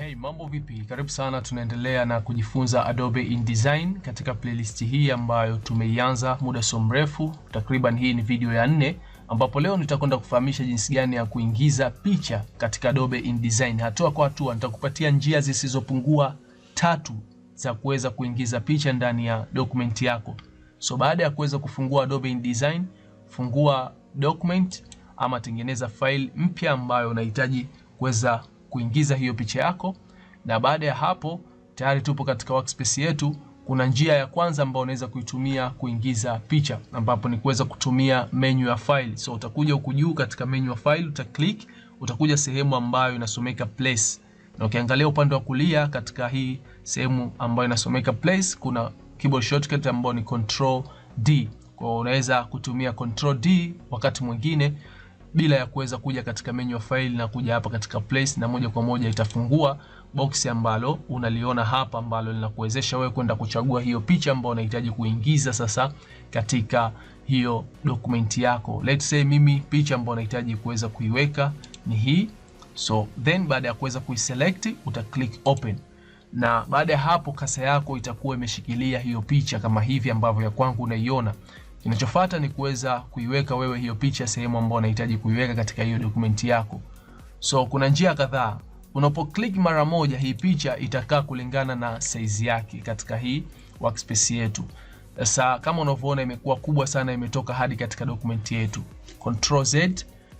Hey, mambo vipi? Karibu sana, tunaendelea na kujifunza Adobe InDesign katika playlist hii ambayo tumeianza muda so mrefu, takriban hii ni video ya nne, ambapo leo nitakwenda kufahamisha jinsi gani ya kuingiza picha katika Adobe InDesign hatua kwa hatua. Nitakupatia njia zisizopungua tatu za kuweza kuingiza picha ndani ya document yako. So baada ya kuweza kufungua Adobe InDesign, fungua document ama tengeneza file mpya ambayo unahitaji kuweza kuingiza hiyo picha yako, na baada ya hapo tayari tupo katika workspace yetu. Kuna njia ya kwanza ambayo unaweza kuitumia kuingiza picha, ambapo ni kuweza kutumia menu ya file. So utakuja huku juu katika menu ya file uta click, utakuja sehemu ambayo inasomeka place, na ukiangalia upande wa kulia katika hii sehemu ambayo inasomeka place kuna keyboard shortcut ambayo ni control D. Kwa unaweza kutumia control D wakati mwingine bila ya kuweza kuja katika menu file na kuja hapa katika place, na moja kwa moja itafungua box ambalo unaliona hapa ambalo linakuwezesha wewe kwenda kuchagua hiyo picha ambayo unahitaji kuingiza sasa katika hiyo dokumenti yako. Let's say mimi picha ambayo unahitaji kuweza kuiweka ni hii. So then baada ya kuweza kuiselect uta click open, na baada ya hapo kasa yako itakuwa imeshikilia hiyo picha kama hivi ambavyo ya kwangu unaiona, Kinachofuata ni kuweza kuiweka wewe hiyo picha sehemu ambayo unahitaji kuiweka katika hiyo dokumenti yako. So kuna njia kadhaa. Unapoclick mara moja, hii picha itakaa kulingana na size yake katika hii workspace yetu. Sasa kama unavyoona imekuwa kubwa sana, imetoka hadi katika dokumenti yetu. Control Z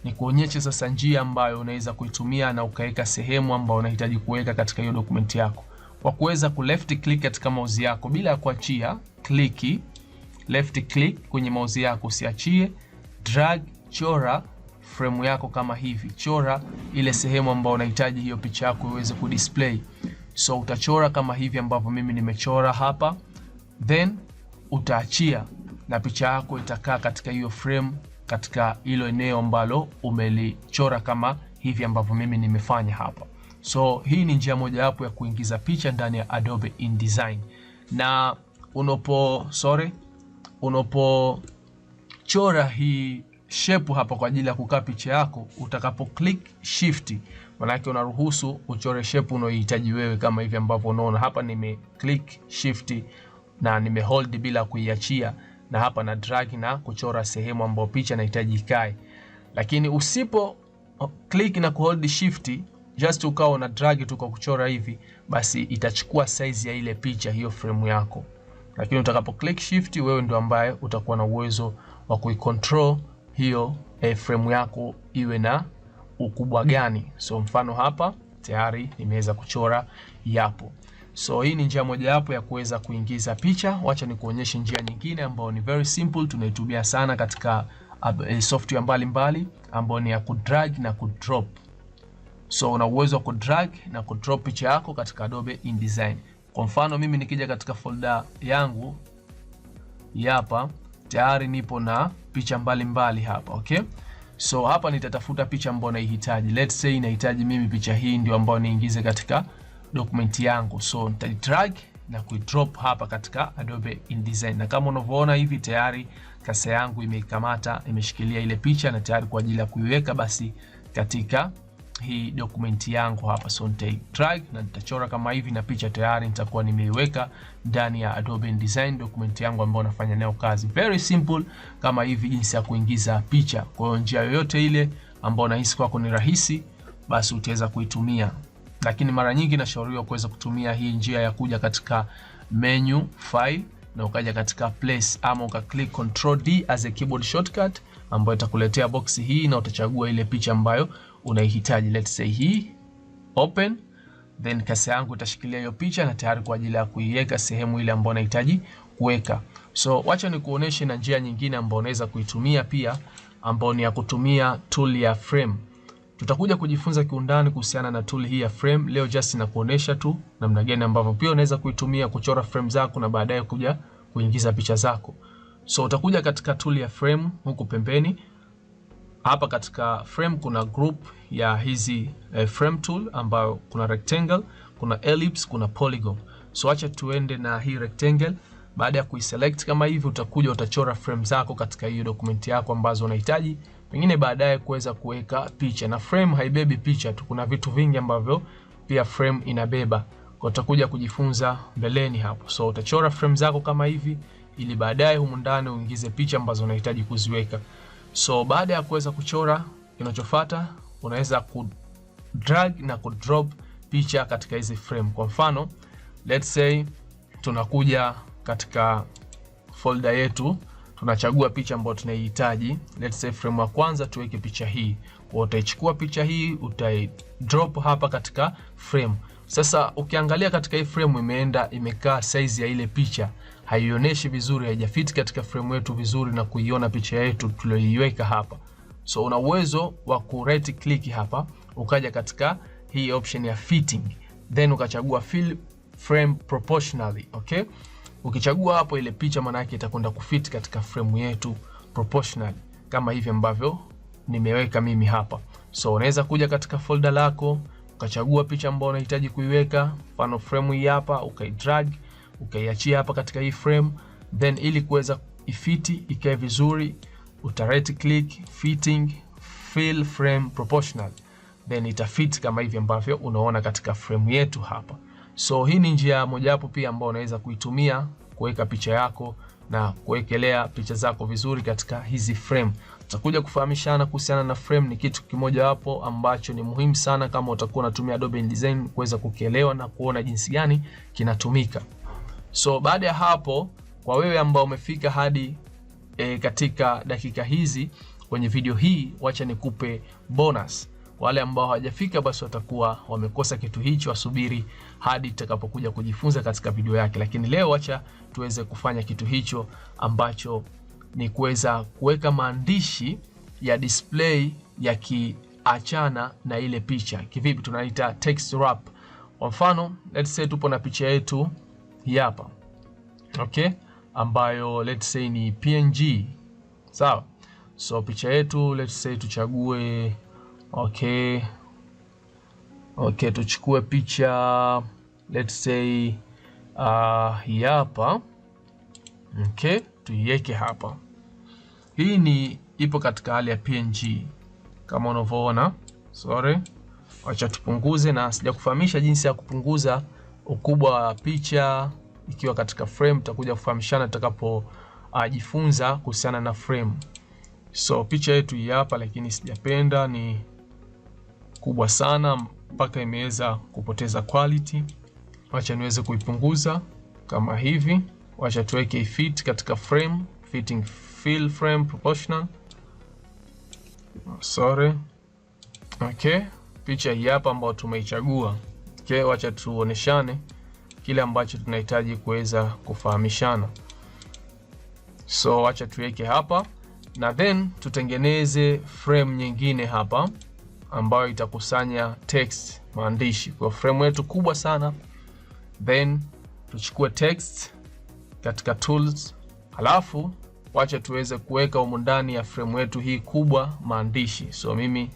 ni kuonyesha sasa njia ambayo unaweza kuitumia na ukaweka sehemu ambayo unahitaji kuweka katika hiyo dokumenti yako, kwa kuweza ku left click katika mouse yako bila ya kuachia kliki left click kwenye mouse yako, usiachie drag, chora frame yako kama hivi, chora ile sehemu ambayo unahitaji hiyo picha yako iweze kudisplay. So utachora kama hivi ambavyo mimi nimechora hapa, then utaachia na picha yako itakaa katika hiyo frame, katika hilo eneo ambalo umelichora kama hivi ambavyo mimi nimefanya hapa. So hii ni njia mojawapo ya kuingiza picha ndani ya Adobe InDesign na unapo sorry unapochora hii shape hapa kwa ajili ya kukaa picha yako, utakapo click shift, maana yake unaruhusu uchore shape unayohitaji wewe, kama hivi ambavyo unaona hapa. Nime click shift na nime hold bila kuiachia, na hapa na drag na kuchora sehemu ambayo picha inahitaji ikae. Lakini usipo click na kuhold shift just ukawa una drag tu kwa kuchora hivi, basi itachukua size ya ile picha, hiyo frame yako lakini utakapo click shift, wewe ndio ambaye utakuwa na uwezo wa kuicontrol hiyo eh, frame yako iwe na ukubwa gani. So mfano hapa tayari nimeweza kuchora yapo. So hii ni njia mojawapo ya kuweza kuingiza picha. Wacha nikuonyeshe njia nyingine ambayo ni very simple, tunaitumia sana katika eh, software mbalimbali ambayo ni ya kudrag na kudrop. So una uwezo wa kudrag na kudrop picha yako katika Adobe InDesign. Kwa mfano mimi nikija katika folda yangu hapa, tayari nipo na picha mbalimbali mbali hapa okay? So hapa nitatafuta picha ambayo naihitaji. Let's say inahitaji mimi picha hii ndio ambayo niingize katika document yangu, so nitaidrag na kuidrop hapa katika Adobe InDesign, na kama unavyoona hivi tayari kasa yangu imeikamata imeshikilia ile picha na tayari kwa ajili ya kuiweka basi katika hii dokumenti yangu hapa, so nita drag na nitachora kama hivi, na picha tayari nitakuwa nimeiweka ndani ya Adobe InDesign dokumenti yangu ambayo nafanya nayo kazi. Very simple kama hivi, jinsi ya kuingiza picha. Kwa hiyo njia yoyote ile ambayo unahisi kwako ni rahisi, basi utaweza kuitumia, lakini mara nyingi nashauriwa kuweza kutumia hii njia ya kuja katika menu file na ukaja katika place ama uka click control D as a keyboard shortcut ambayo itakuletea box hii na utachagua ile picha ambayo unaihitaji let's say hii open, then kasi yangu itashikilia hiyo picha na tayari kwa ajili ya kuiweka sehemu ile ambayo unahitaji kuweka. So wacha ni kuoneshe na njia nyingine ambayo unaweza kuitumia pia, ambayo ni ya kutumia tool ya frame. Tutakuja kujifunza kiundani kuhusiana na tool hii ya frame. Leo just na kuonesha tu namna gani ambavyo pia unaweza kuitumia kuchora frame zako na baadaye kuja kuingiza picha zako. So utakuja katika tool ya frame huku pembeni hapa katika frame kuna group ya hizi eh, frame tool ambayo kuna rectangle, kuna ellipse, kuna polygon. So acha tuende na hii rectangle. Baada ya kuiselect kama hivi, utakuja utachora frame zako katika hiyo dokumenti yako ambazo unahitaji pengine baadaye kuweza kuweka picha, na frame haibebi picha tu, kuna vitu vingi ambavyo pia frame inabeba, kwa utakuja kujifunza mbeleni hapo. So utachora frame zako kama hivi, ili baadaye humu ndani uingize picha ambazo unahitaji kuziweka. So baada ya kuweza kuchora, kinachofuata unaweza ku drag na ku drop picha katika hizi frame. Kwa mfano, let's say tunakuja katika folder yetu, tunachagua picha ambayo tunaihitaji. Let's say frame ya kwanza tuweke picha hii. Kwa utaichukua picha hii, utai drop hapa katika frame. Sasa ukiangalia katika hii frame imeenda imekaa size ya ile picha haionyeshi vizuri, haijafiti katika frame yetu vizuri na kuiona picha yetu tuliyoiweka hapa. So una uwezo wa ku right click hapa, ukaja katika hii option ya fitting, then ukachagua fill frame proportionally. Okay, ukichagua hapo, ile picha maana yake itakwenda kufit katika frame yetu proportionally, kama hivi ambavyo nimeweka mimi hapa. So unaweza kuja katika folder lako ukachagua picha ambayo unahitaji kuiweka, mfano frame hii hapa, ukaidrag ukaiachia hapa katika hii frame, then ili kuweza ifiti ikae vizuri uta right click fitting fill frame proportional, then itafit kama hivi ambavyo unaona katika frame yetu hapa. So hii ni njia mojawapo pia ambayo unaweza kuitumia kuweka picha yako na kuwekelea picha zako vizuri katika hizi frame. Tutakuja kufahamishana kuhusiana na frame, ni kitu kimoja wapo ambacho ni muhimu sana kama utakuwa unatumia Adobe InDesign kuweza kukielewa na kuona jinsi gani kinatumika. So baada ya hapo, kwa wewe ambao umefika hadi e, katika dakika hizi kwenye video hii, wacha nikupe bonus. Wale ambao hawajafika basi watakuwa wamekosa kitu hicho, wasubiri hadi tutakapokuja kujifunza katika video yake, lakini leo wacha tuweze kufanya kitu hicho ambacho ni kuweza kuweka maandishi ya display yakiachana na ile picha. Kivipi? Tunaita text wrap. Kwa mfano, let's say tupo na picha yetu hii hapa okay, ambayo let's say ni PNG sawa. So picha yetu let's say tuchague okay, okay tuchukue picha let's say uh, hii hapa okay, tuiweke hapa. Hii ni ipo katika hali ya PNG kama unavyoona. Sorry, wacha tupunguze, na sija kufahamisha jinsi ya kupunguza ukubwa wa picha ikiwa katika frame, tutakuja kufahamishana tutakapojifunza ah, uh, kuhusiana na frame. So picha yetu hii hapa, lakini sijapenda ni kubwa sana mpaka imeweza kupoteza quality. Wacha niweze kuipunguza kama hivi. Wacha tuweke fit katika frame, fitting fill frame proportional. Sorry. Okay, picha hii hapa ambayo tumeichagua Okay, wacha tuoneshane kile ambacho tunahitaji kuweza kufahamishana. So wacha tuweke hapa na then tutengeneze frame nyingine hapa ambayo itakusanya text maandishi kwa frame yetu kubwa sana, then tuchukue text katika tools, halafu wacha tuweze kuweka humu ndani ya frame yetu hii kubwa maandishi. So mimi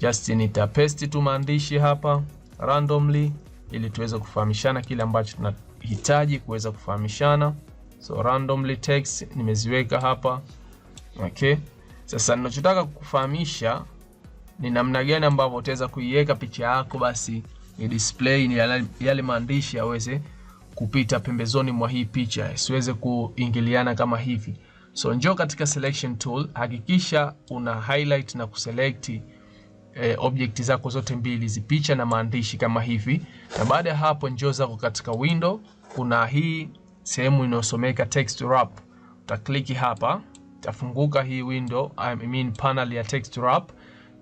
just nita paste tu maandishi hapa randomly ili tuweze kufahamishana kile ambacho tunahitaji kuweza kufahamishana. So randomly text nimeziweka hapa okay. Sasa ninachotaka kukufahamisha ni namna gani ambavyo utaweza kuiweka picha yako basi ni display ni yale, yale maandishi yaweze kupita pembezoni mwa hii picha isiweze kuingiliana kama hivi. So njoo katika selection tool, hakikisha una highlight na kuselect e, object zako zote mbili zipicha na maandishi kama hivi, na baada ya hapo njoo zako katika window, kuna hii sehemu inayosomeka text wrap. Utakliki hapa, itafunguka hii window, I mean panel ya text wrap,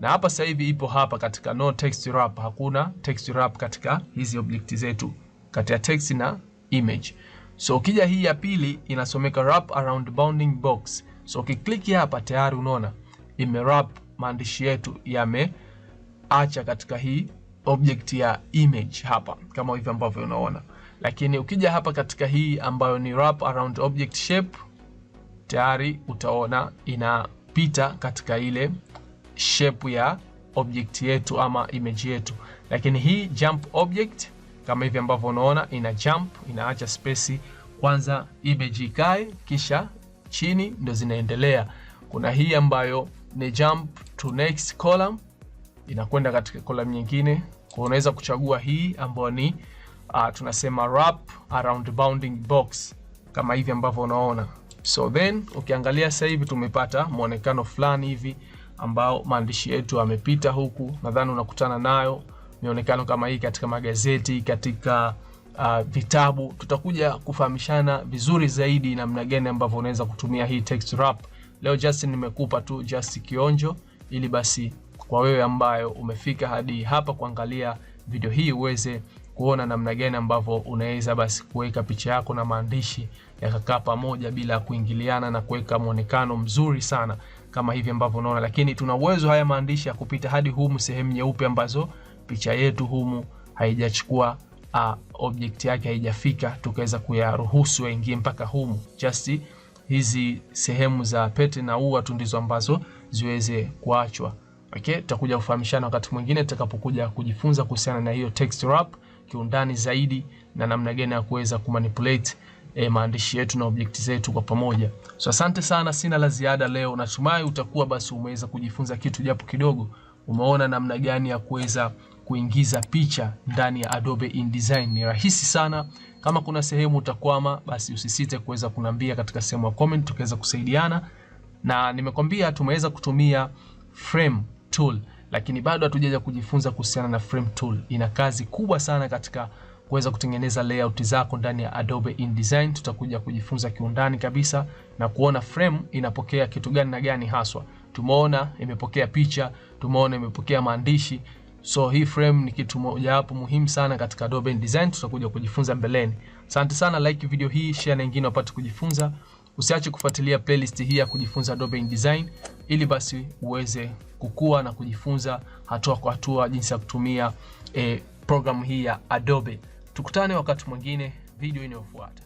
na hapa sasa hivi ipo hapa katika no text wrap. Hakuna text wrap katika hizi object zetu kati ya text na image. So ukija hii ya pili inasomeka wrap around bounding box. So ukiklik hapa tayari unaona ime wrap maandishi yetu yame acha katika hii object ya image hapa kama hivi ambavyo unaona, lakini ukija hapa katika hii ambayo ni wrap around object shape, tayari utaona inapita katika ile shape ya object yetu ama image yetu. Lakini hii jump object kama hivi ambavyo unaona ina jump, inaacha space kwanza image ikae, kisha chini ndo zinaendelea. Kuna hii ambayo ni jump to next column inakwenda katika column nyingine. Kwa unaweza kuchagua hii ambayo ni uh, tunasema wrap around bounding box kama hivi ambavyo unaona. So then ukiangalia sasa hivi tumepata muonekano fulani hivi ambao maandishi yetu yamepita huku, nadhani unakutana nayo mionekano kama hii katika magazeti, katika uh, vitabu. Tutakuja kufahamishana vizuri zaidi namna gani ambavyo unaweza kutumia hii text wrap. Leo just nimekupa tu just kionjo, ili basi kwa wewe ambayo umefika hadi hapa kuangalia video hii uweze kuona namna gani ambavyo unaweza basi kuweka picha yako na maandishi yakakaa pamoja bila kuingiliana na kuweka muonekano mzuri sana kama hivi ambavyo unaona, lakini tuna uwezo haya maandishi ya kupita hadi humu sehemu nyeupe ambazo picha yetu humu haijachukua uh, object yake haijafika, tukaweza kuyaruhusu yaingie mpaka humu. Just hizi sehemu za pete na ua tu ndizo ambazo ziweze kuachwa. Okay, tutakuja kufahamishana wakati mwingine tutakapokuja kujifunza kuhusiana na hiyo text wrap kiundani zaidi na namna gani ya kuweza kumanipulate eh, maandishi yetu na object zetu kwa pamoja. So asante sana, sina la ziada leo. Natumai utakuwa basi umeweza kujifunza kitu japo kidogo. Umeona namna gani ya kuweza kuingiza picha ndani ya Adobe InDesign. Ni rahisi sana. Kama kuna sehemu utakwama, basi usisite kuweza kunambia katika sehemu ya comment tukaweza kusaidiana. Na nimekwambia tumeweza kutumia frame tool, lakini bado hatujaja kujifunza kuhusiana na frame tool. Ina kazi kubwa sana katika kuweza kutengeneza layout zako ndani ya Adobe InDesign. Tutakuja kujifunza kiundani kabisa na kuona frame inapokea kitu gani na gani haswa. Tumeona imepokea picha, tumeona imepokea maandishi. So hii frame ni kitu moja hapo muhimu sana katika Adobe InDesign, tutakuja kujifunza mbeleni. Asante sana, like video hii, share na wengine wapate kujifunza. Usiache kufuatilia playlist hii ya kujifunza Adobe InDesign ili basi uweze kukua na kujifunza hatua kwa hatua jinsi ya kutumia eh, programu hii ya Adobe. Tukutane wakati mwingine video inayofuata.